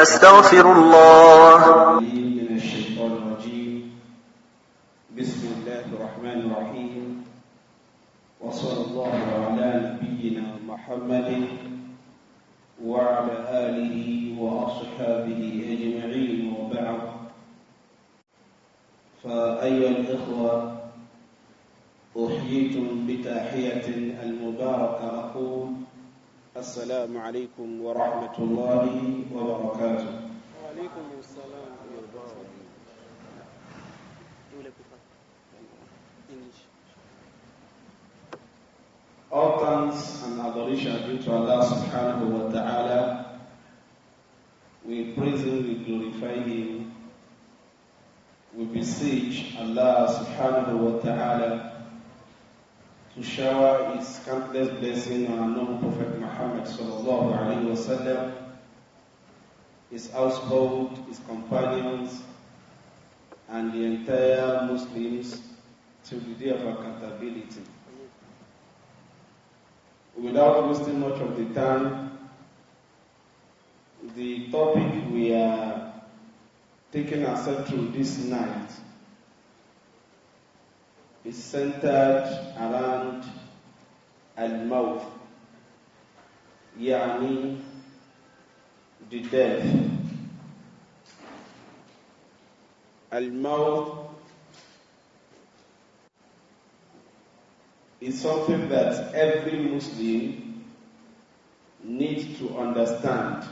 أستغفر الله من الشيطان الرجيم بسم الله الرحمن الرحيم وصلى الله على نبينا محمد وعلى آله وأصحابه أجمعين وبعد فأيها الإخوة أحييتم بتاحية المباركة أقول السلام عليكم ورحمة الله وبركاته وعليكم السلام All thanks and adoration are due to Allah subhanahu wa ta'ala. We praise Him, we glorify Him, we beseech Allah subhanahu wa ta'ala to shower his countless blessing on our noble Prophet Muhammad sallallahu alaihi wasallam, his household, his companions, and the entire Muslims till the day of accountability. Without wasting much of the time, the topic we are taking ourselves through this night is centered around al-maut, yani the death. Al-maut is something that every Muslim needs to understand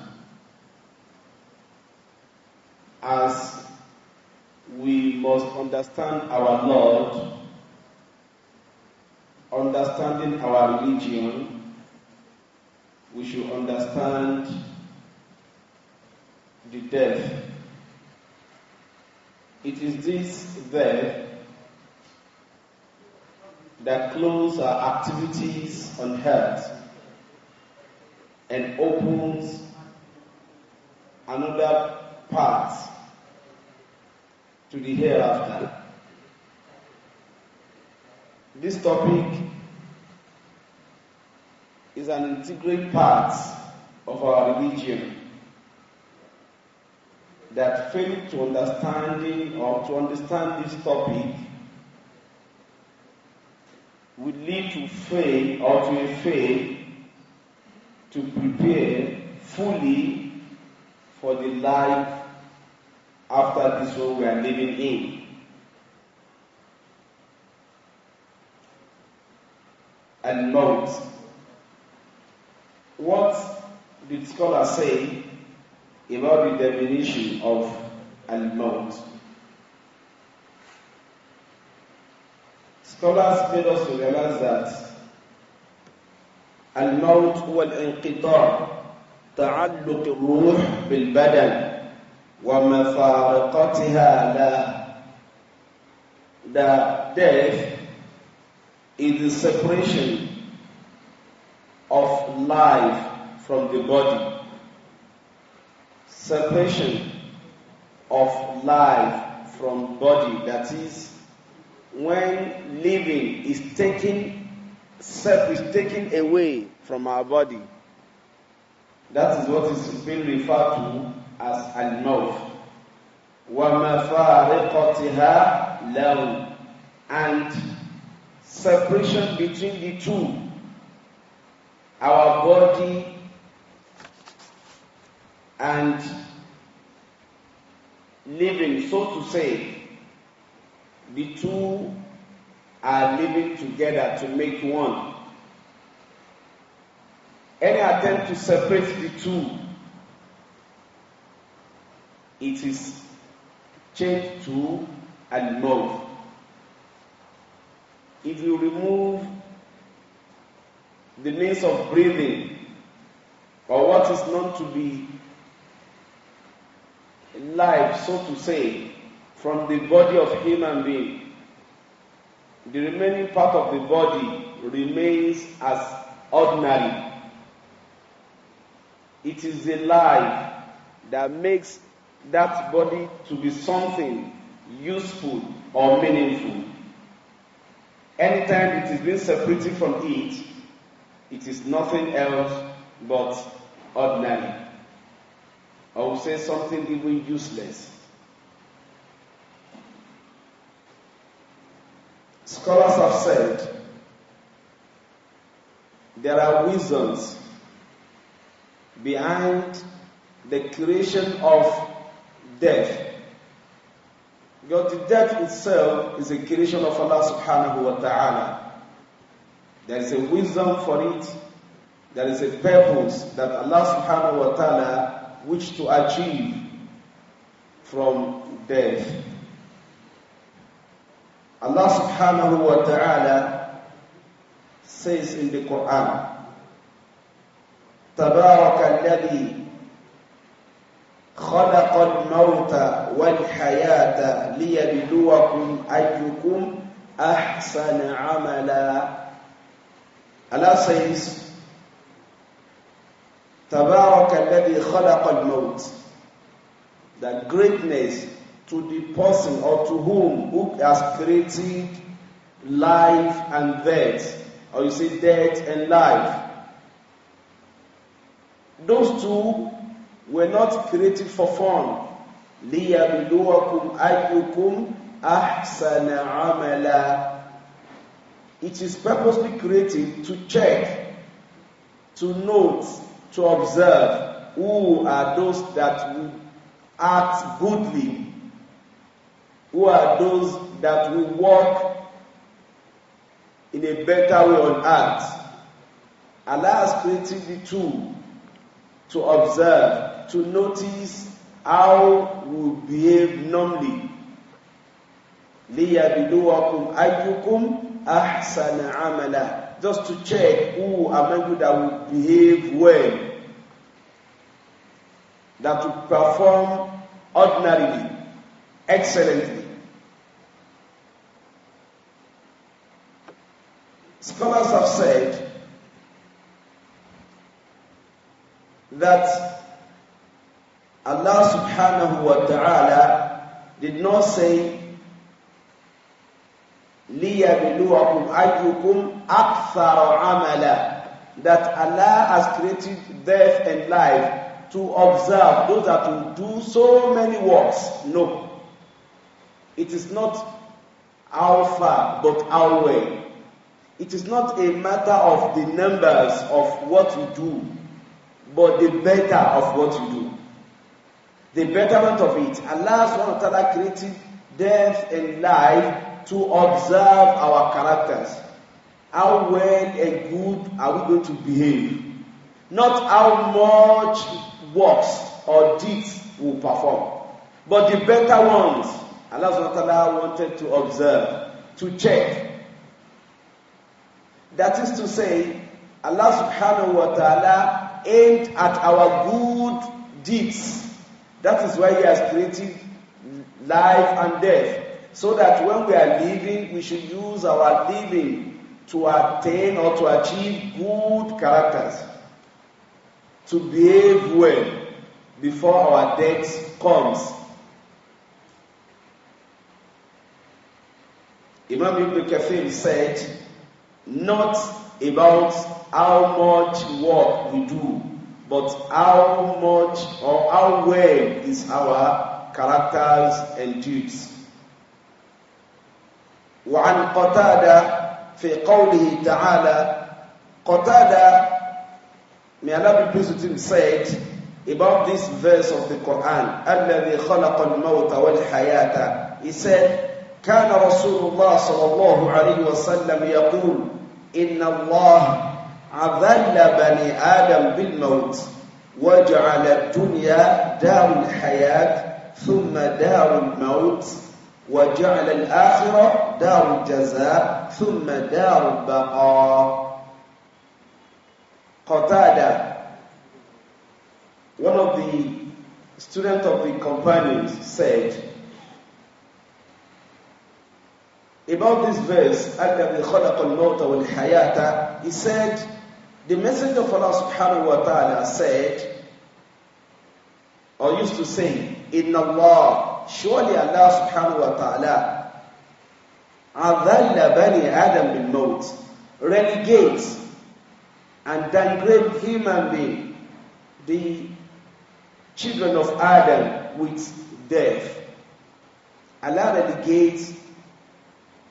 as we must understand our Lord understanding our religion, we should understand the death. It is this death that closes our activities on earth and opens another path to the hereafter. This topic is an integral part of our religion that failure to understanding or to understand this topic would lead to fail or to a fail to prepare fully for the life after this world we are living in. And mount what did scholars say about the definition of al-maut? Scholars made us to realize that al-naut الموت هو الانقطاع تعلق الروح بالبدن ومفارقتها له The death is the separation of life from the body. Separation of life from body, that is, when living is taken, self is taken away from our body. That is what is being referred to as al-maut. وَمَفَارِقَتِهَا لَوْ And separation between the two our body and living, so to say, the two are living together to make one. Any attempt to separate the two, it is changed to a mouth. If you remove the means of breathing, or what is known to be life, so to say, from the body of human being. The remaining part of the body remains as ordinary. It is the life that makes that body to be something useful or meaningful. Anytime it is being separated from it, it is nothing else but ordinary. I will say something even useless. Scholars have said there are reasons behind the creation of death. Because the death itself is a creation of Allah subhanahu wa ta'ala. There is a wisdom for it. There is a purpose that Allah subhanahu wa ta'ala wished to achieve from death. Allah subhanahu wa ta'ala says in the Quran, تبارك الذي خلق الموت والحياة ليبلوكم أيكم أحسن عملاً Allah says, Tabarak alladhi al maut. That greatness to the person or to whom who has created life and death, or you say death and life. Those two were not created for fun. لِيَبْلُوَكُمْ أَيُّكُمْ أَحْسَنَ عَمَلًا It is purposely created to check, to note, to observe who are those that will act goodly, who are those that will walk in a better way on earth. Allah has created the tool to observe, to notice how we behave normally. Liya لِيَبِلُوَكُمْ أَيُّكُمْ ahsana amala, just to check who among you that will behave well, that will perform ordinarily, excellently. Scholars have said that Allah subhanahu wa ta'ala did not say liyabluwakum ayyukum akthar amala that Allah has created death and life to observe those that will do so many works no it is not how far but how well it is not a matter of the numbers of what you do but the better of what you do the betterment of it Allah subhanahu wa ta'ala created death and life to observe our characters. How well and good are we going to behave? Not how much works or deeds we perform, but the better ones. Allah SWT wanted to observe, to check. That is to say, Allah subhanahu wa ta'ala aimed at our good deeds. That is why He has created life and death so that when we are living, we should use our living to attain or to achieve good characters, to behave well before our death comes. Imam Ibn Kathir said, Not about how much work we do, but how much or how well is our characters and deeds. وعن قتادة في قوله تعالى قتادة may Allah be pleased with him, said about this verse of the Quran, الَّذِي خَلَقَ الْمَوْتَ وَالْحَيَاةَ He said, كان رسول الله صلى الله عليه وسلم يقول إن الله عذل بني آدم بالموت وجعل الدنيا دار الحياة ثم دار الموت وجعل الآخرة دار الجزاء ثم دار البقاء Qatada one of the students of the companions said about this verse الذي خلق الموت والحياة he said the messenger of Allah subhanahu wa ta'ala said or used to say إن الله surely Allah subhanahu wa ta'ala أَذَلَّ بَنِي آدَمْ بِالْمَوْتِ Renegate and downgrade human being, the children of Adam with death. the relegates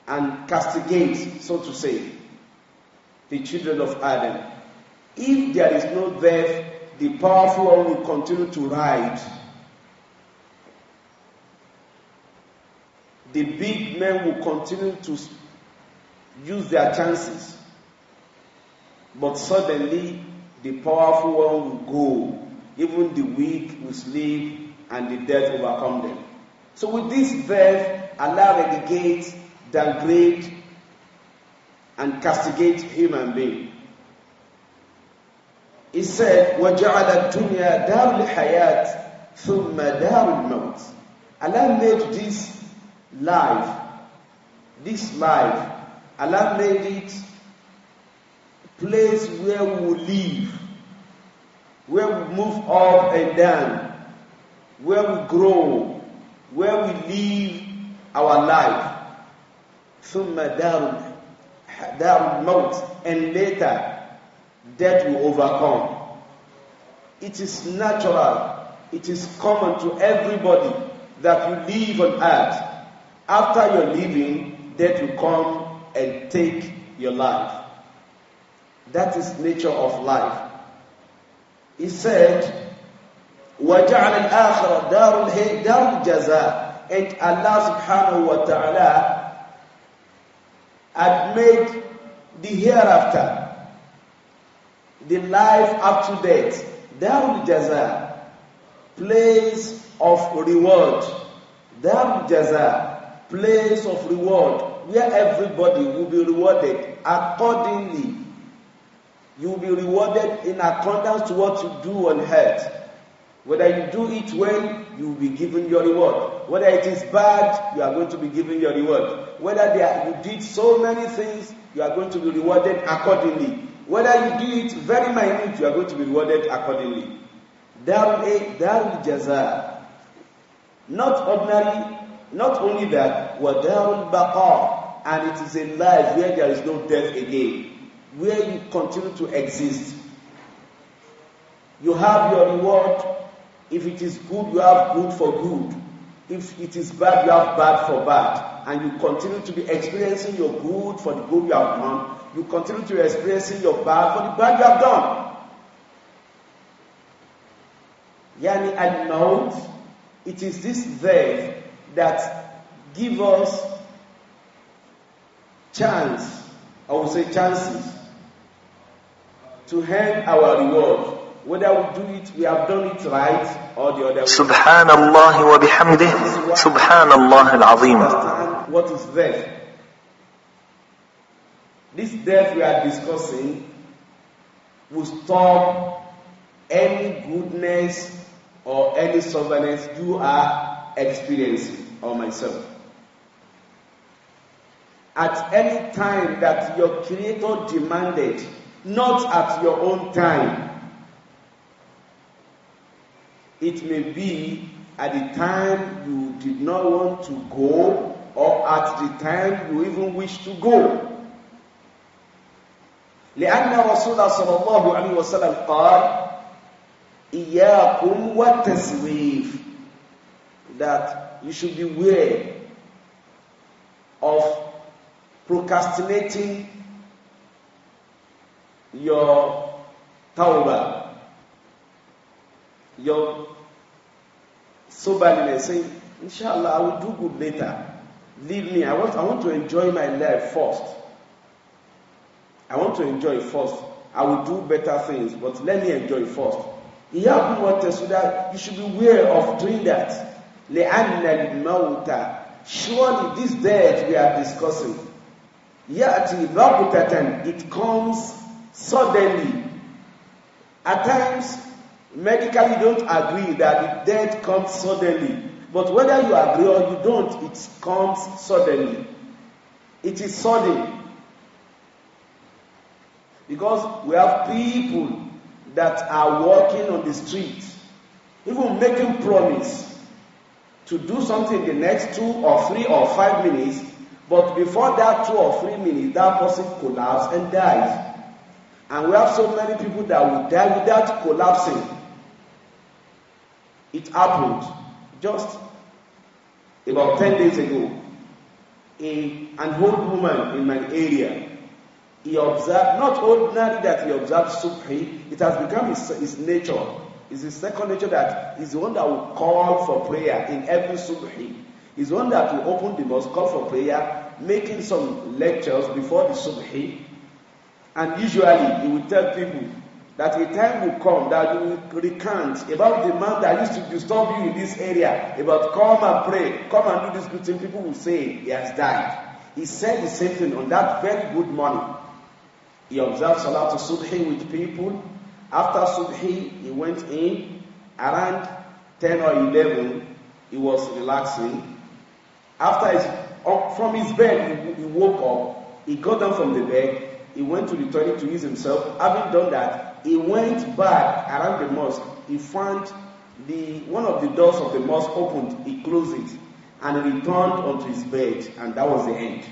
and castigate, so to say, the children of Adam. If there is no death, the powerful one will continue to ride the big men will continue to use their chances. But suddenly, the powerful one will go. Even the weak will sleep, and the death overcome them. So, with this verse, Allah relegates, downgrade, and castigates human being. He said, وَجَعَلَ الدُّنْيَا دَارُ الْحَيَاةِ ثُمَّ دَارُ الْمَوْتِ Allah made this life, this life, Allah made it place where we live, where we move up and down, where we grow, where we live our life. ثم دار down الموت and later death will overcome. It is natural, it is common to everybody that you live on earth. After your living, death will come and take your life. That is nature of life. He said, وَجَعَلَ الْآخِرَ دَارُ الْهِدَارُ الْجَزَاءِ And Allah subhanahu wa ta'ala had made the hereafter, the life up to death, Darul Jaza, place of reward, Darul Jaza, place of reward where everybody will be rewarded accordingly. You will be rewarded in accordance to what you do on earth. Whether you do it well, you will be given your reward. Whether it is bad, you are going to be given your reward. Whether are, you did so many things, you are going to be rewarded accordingly. Whether you do it very minute, you are going to be rewarded accordingly. Darul eh, Jaza. Not ordinary, not only that, وَدَارُ الْبَقَاء And it is a life where there is no death again, where you continue to exist. You have your reward. If it is good, you have good for good. If it is bad, you have bad for bad. And you continue to be experiencing your good for the good you have done. You continue to be experiencing your bad for the bad you have done. Yani al-maut, it is this death that give us chance, I would say chances, to earn our reward. Whether we do it, we have done it right or the other way. Subhanallah wa bihamdih, Subhanallah al-Azim. What is death? This death we are discussing will stop any goodness or any stubbornness you are experiencing or myself at any time that your Creator demanded, not at your own time. It may be at the time you did not want to go, or at the time you even wish to go. لأن رسول الله صلى الله عليه وسلم قال إياكم والتسويف that you should beware of procrastinating your tawbah, your soberness, saying, Inshallah, I will do good later. Leave me. I want, I want to enjoy my life first. I want to enjoy first. I will do better things, but let me enjoy first. Iyaku wants so that you should be aware of doing that. لأن الموت Surely this death we are discussing Yati Bakutatan, it comes suddenly. At times, medically don't agree that the death comes suddenly. But whether you agree or you don't, it comes suddenly. It is sudden. Because we have people that are walking on the street, even making promise to do something in the next two or three or five minutes, but before that two or three minutes, that person collapsed and died. And we have so many people that will die without collapsing. It happened just about 10 days ago. A, an old woman in my area, he observed, not ordinary that he observed Subhi, it has become his, his nature. It's his second nature that is the one that will call for prayer in every Subhi. He's one that will open the mosque, call for prayer, making some lectures before the subhi, and usually he will tell people that a time will come that you will recant about the man that used to disturb you in this area, about come and pray, come and do this good thing. People will say he has died. He said the same thing on that very good morning. He observed of Subhi with people. After Subhi, he went in around 10 or 11. He was relaxing. After his up from his bed, he, he woke up, he got down from the bed, he went to the toilet to use himself. Having done that, he went back around the mosque. He found the one of the doors of the mosque opened, he closed it, and returned onto his bed, and that was the end.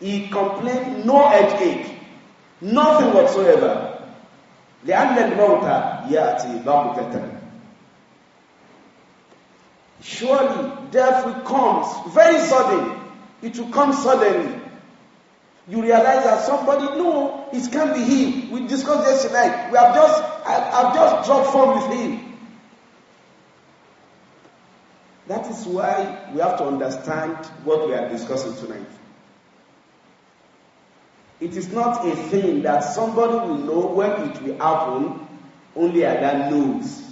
He complained no headache, nothing whatsoever. لأن الموت يأتي بغتة Surely death will come very sudden. It will come suddenly. You realize that somebody, no, it can't be him. We discussed yesterday. We have just, I, have just dropped form with him. That is why we have to understand what we are discussing tonight. It is not a thing that somebody will know when it will happen, only Allah knows.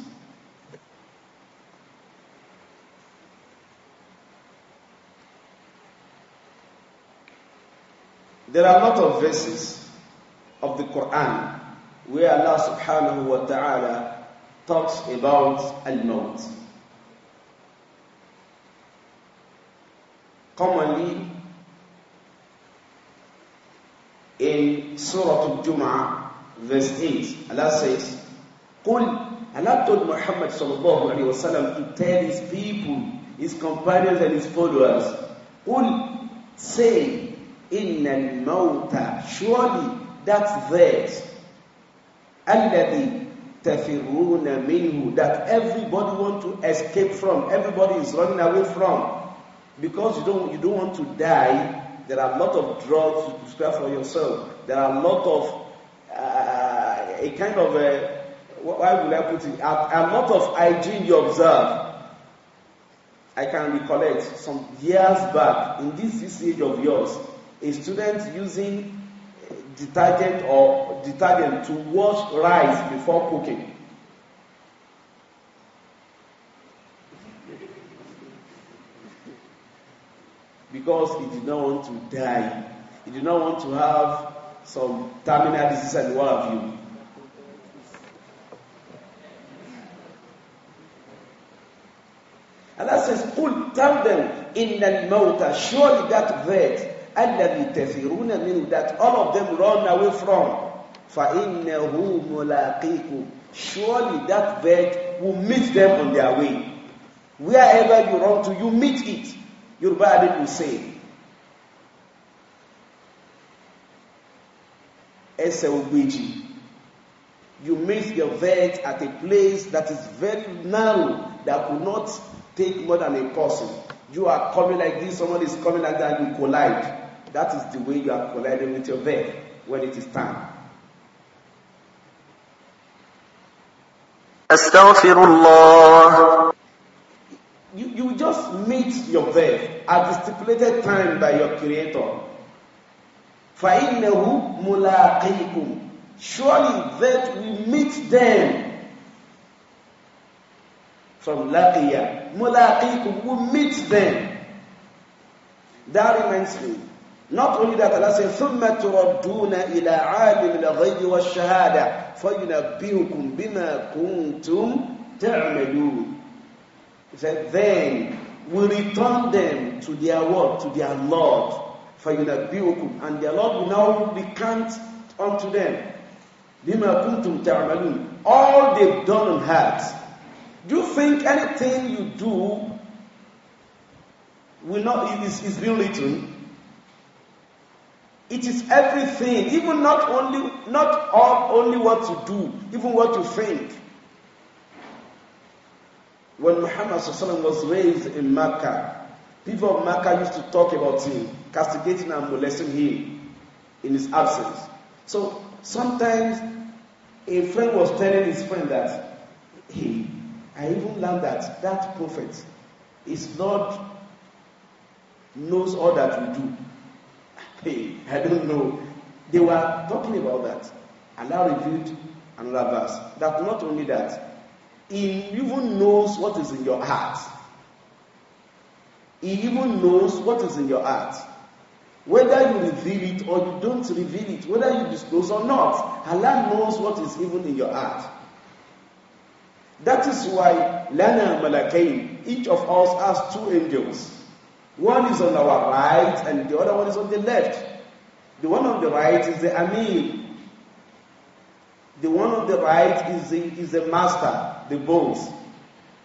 There are a lot of verses of the Quran where Allah subhanahu wa ta'ala talks about al-maut. Commonly, in Surah Al-Jum'ah, verse 8, Allah says, قُلْ Allah told Muhammad sallallahu alayhi wasallam to tell his people, his companions and his followers, قُلْ Say, innal mauta surely that verse alladhi tafiruna minhu that everybody want to escape from everybody is running away from because you don't you don't want to die there are a lot of drugs to prescribe for yourself there are a lot of uh, a kind of a uh, why would I put it a, a lot of hygiene you observe I can recollect some years back in this, this age of yours a student using detergent eh, or detergent to wash rice before cooking. Because he did not want to die. He did not want to have some terminal disease and what have you. Allah says, put tell them, that motor. surely that death alladhi tafiruna minhu that all of them run away from فَإِنَّهُ مُلَاقِيكُمْ Surely that bird will meet them on their way. Wherever you run to, you meet it. Your body will say. Ẹsẹ̀ ògbèjì. You meet your bird at a place that is very narrow, that could not take more than a person. You are coming like this, someone is coming like that, you collide. That is the way you are colliding with your verb when it is time. Astaghfirullah. You, you just meet your verb at the stipulated time by your creator. فَإِنَّهُ مُلَاقِيكُمْ Surely that we meet them from Laqiya. Mulaqikum, we meet them. That reminds me, not only that, Allah says, ثُمَّ تُرَدُّونَ إِلَىٰ عَالِمِ الْغَيْبِ وَالشَّهَادَةِ فَيُنَبِّئُكُم بِمَا كُنتُمْ تَعْمَلُونَ He said, then we return them to their word, to their Lord. فَيُنَبِّئُكُم And their Lord will now recant unto them. بِمَا كُنتُمْ تَعْمَلُونَ All they've done on earth. Do you think anything you do will not, is, is being written? It is everything, even not only not all only what you do, even what you think. When Muhammad was raised in Mecca, people of Mecca used to talk about him, castigating and molesting him in his absence. So sometimes a friend was telling his friend that, hey, I even learned that that prophet, his Lord knows all that we do. Hey, I don't know. They were talking about that. And I reviewed another verse. That not only that, He even knows what is in your heart. He even knows what is in your heart. Whether you reveal it or you don't reveal it, whether you disclose or not, Allah knows what is even in your heart. That is why Lana Malakain, each of us has two angels. One is on our right and the other one is on the left. The one on the right is the Amir. The one on the right is the, is the master, the boss.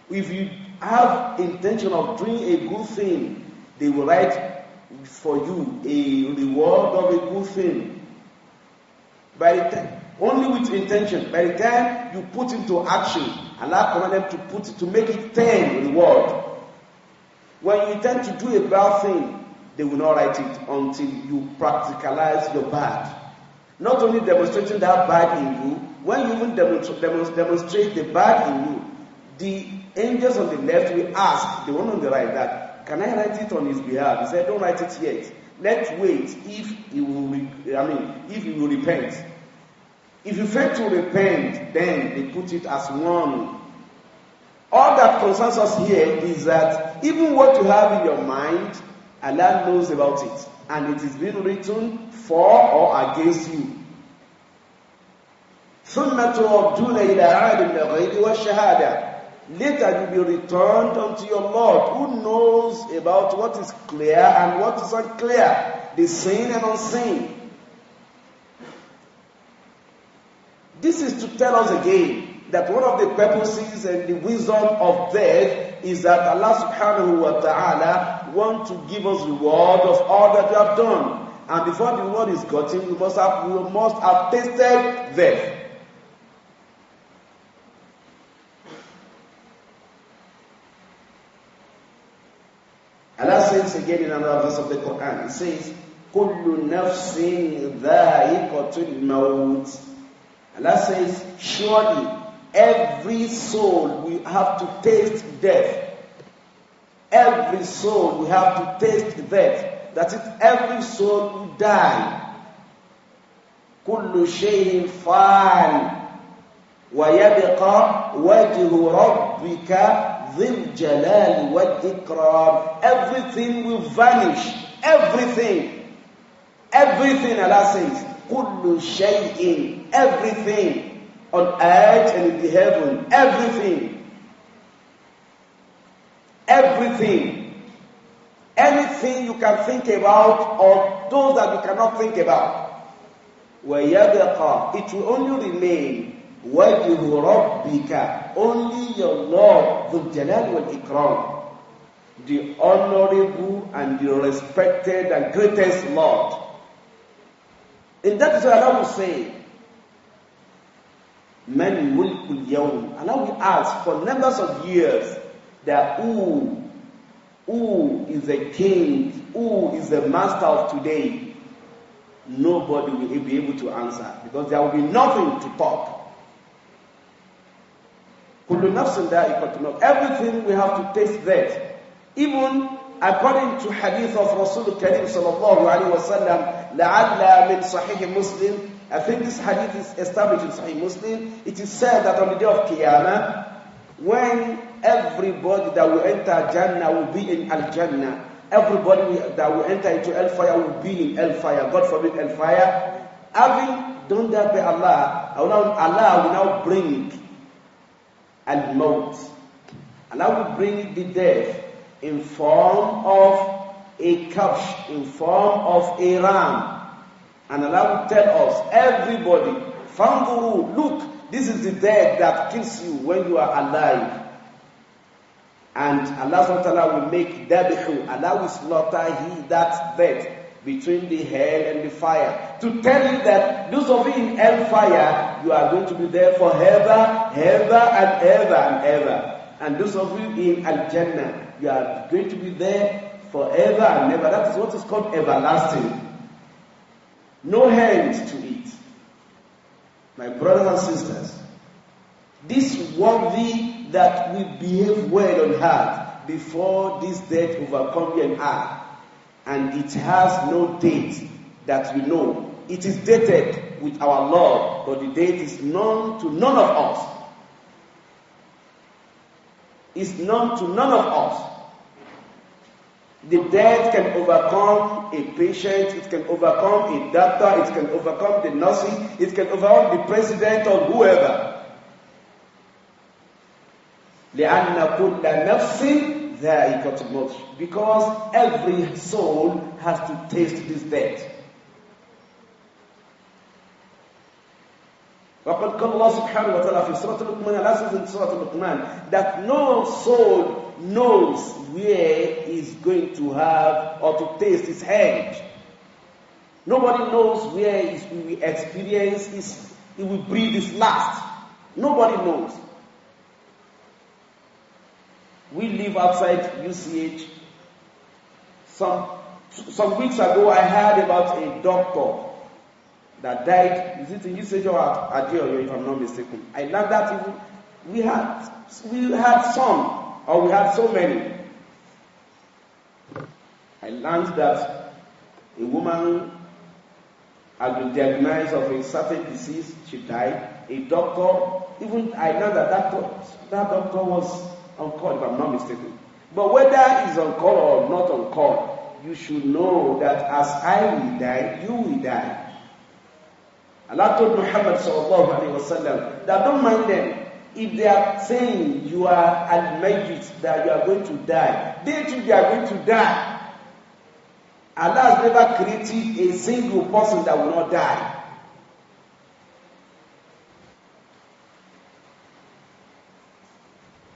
If you have intention of doing a good thing, they will write for you a reward of a good thing. By the time, only with intention. By the time you put into action, Allah commanded to put to make it ten reward. When you intend to do a bad thing, they will not write it until you practicalize your bad. Not only demonstrating that bad in you, when you even demonstrate the bad in you, the angels on the left will ask the one on the right that, Can I write it on his behalf? He said, Don't write it yet. Let's wait if he will, I mean, if he will repent. If you fail to repent, then they put it as one All that concerns us here is that even what you have in your mind, Allah knows about it. And it is being written for or against you. ثُمَّ تُرَدُّونَ إِلَىٰ عَالِمِ الْغَيْبِ وَالشَّهَادَةِ Later you will be returned unto your Lord, who knows about what is clear and what is unclear, the seen and unseen. This is to tell us again that one of the purposes and the wisdom of death is that Allah subhanahu wa ta'ala wants to give us reward of all that we have done. And before the reward is gotten, we must have, we must have tasted death. Allah says again in another verse of the Quran, He says, كل نفس ذائقة الموت Allah says, surely Every soul will have to taste death. Every soul will have to taste death. That is, every soul will die. كل شيء فعل ويبقى وجه ربك ذي الجلال والإكرام Everything will vanish. Everything. Everything Allah says. كل شيء. Everything on earth and in the heaven. Everything. Everything. Anything you can think about or those that you cannot think about. It will only remain وَجْهُ رَبِّكَ Only your Lord, the Jalal wal Ikram. The honorable and the respected and greatest Lord. And that is what Allah will say. Man mulkul yawm. And now we ask for numbers of years that who, who is the king, who is the master of today? Nobody will be able to answer because there will be nothing to talk. Everything we have to taste that. Even according to hadith of Rasul Karim sallallahu alayhi wa sallam, لَعَلَّ min sahih Muslim. I think this hadith is established in Sahih Muslim. It is said that on the day of Qiyamah, when everybody that will enter Jannah will be in Al Jannah, everybody that will enter into Al Fire will be in Hellfire. Fire. God forbid Hellfire. Fire. Having done that by Allah, Allah will now bring Al Maut. Allah will bring the death in form of a couch, in form of a ram. And Allah will tell us, everybody, Fanguru, look, this is the dead that kills you when you are alive. And Allah SWT will make dabihu, Allah will slaughter he that dead between the hell and the fire. To tell you that those of you in hellfire, you are going to be there forever, ever and ever and ever. And those of you in Al Jannah, you are going to be there forever and ever. That is what is called everlasting no hand to it. My brothers and sisters, this worthy that we behave well on earth before this death overcome you and and it has no date that we know. It is dated with our Lord, but the date is known to none of us. It's known to none of us. The death can overcome a patient, it can overcome a doctor, it can overcome the nursing, it can overcome the president or whoever. لأن كل نفس ذائقة الموت because every soul has to taste this death وقد قال الله سبحانه وتعالى في سورة لقمان last سورة لقمان that no soul knows where he's going to have or to taste his head. Nobody knows where he will experience his, he will breathe his last. Nobody knows. We live outside UCH. Some, some weeks ago, I heard about a doctor that died. Is it in UCH or at Adio, if I'm not mistaken? I learned that even, we had, we had some or oh, we have so many. I learned that a woman had been diagnosed of a certain disease, she died. A doctor, even I know that that doctor, that doctor was on call, if I'm not mistaken. But whether he's on call or not on call, you should know that as I will die, you will die. Allah told Muhammad wa that don't mind them. if they are saying you are admitted that you are going to die, they too they are going to die. Allah has never created a single person that will not die.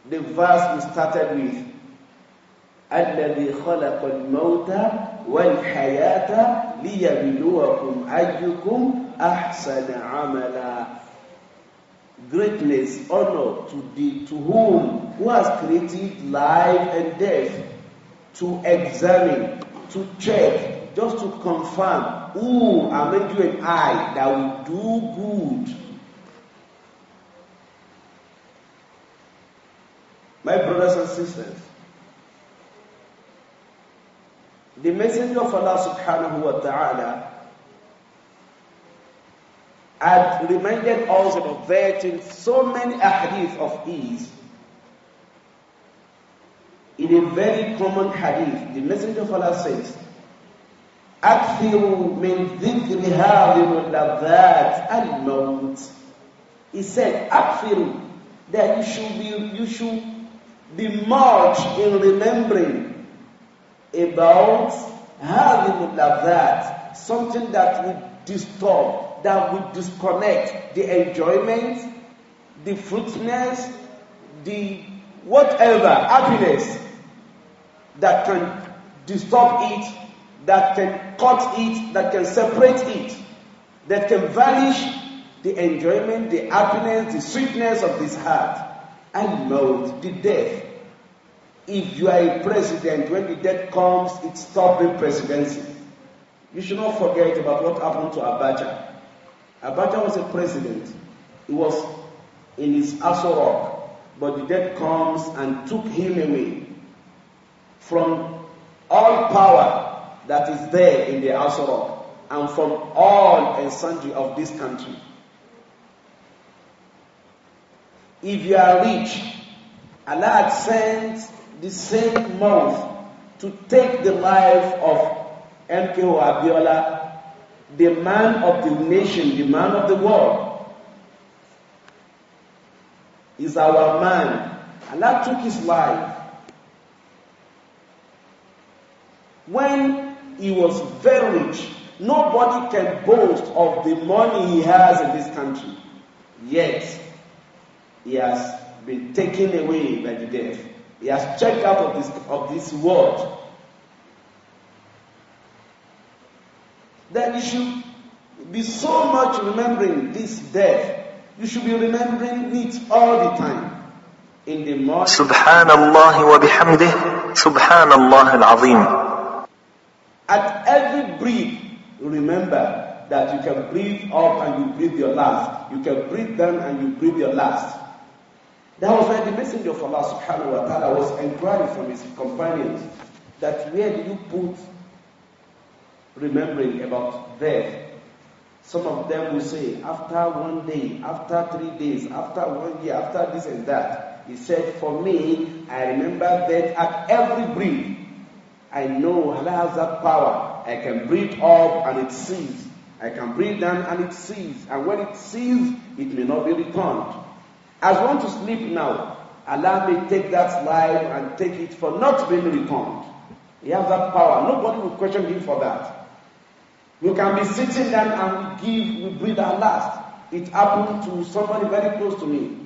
The verse we started with الذي خلق الموت والحياة ليبلوكم أيكم أحسن عملا greatness, honor to the to whom who has created life and death, to examine, to check, just to confirm who among you and I that will do good. My brothers and sisters, the messenger of Allah subhanahu wa ta'ala had reminded us about that in so many hadith of ease In a very common hadith, the Messenger of Allah says, أكثروا من ذكر هذه اللذات الموت. He said, أكثروا, that you should be, you should be much in remembering about هذه that something that would disturb that would disconnect the enjoyment, the fruitfulness, the whatever happiness that can disturb it, that can cut it, that can separate it, that can vanish the enjoyment, the happiness, the sweetness of this heart, and melt the death. If you are a president, when the death comes, it stops the presidency. You should not forget about what happened to Abacha. Abacha was a president. He was in his Aso Rock, but the death comes and took him away from all power that is there in the Aso Rock and from all sundry of this country. If you are rich, Allah had sent the same month to take the life of MKO Abiola the man of the nation, the man of the world, is our man. and that took his life. When he was very rich, nobody can boast of the money he has in this country. Yet, he has been taken away by the death. He has checked out of this, of this world that you should be so much remembering this death. You should be remembering it all the time. In the morning. Subhanallah wa bihamdih. Subhanallah al-Azim. At every breath, remember that you can breathe up and you breathe your last. You can breathe down and you breathe your last. That was why the messenger of Allah subhanahu wa ta'ala was inquiring from his companions that where do you put remembering about death. Some of them will say, after one day, after three days, after one year, after this and that. He said, for me, I remember death at every breath. I know Allah has that power. I can breathe up and it ceases. I can breathe down and it ceases. And when it ceases, it may not be returned. As one to sleep now, Allah may take that life and take it for not being returned. He has that power. Nobody will question him for that. You can be sitting down and we give, we breathe our last. It happened to somebody very close to me.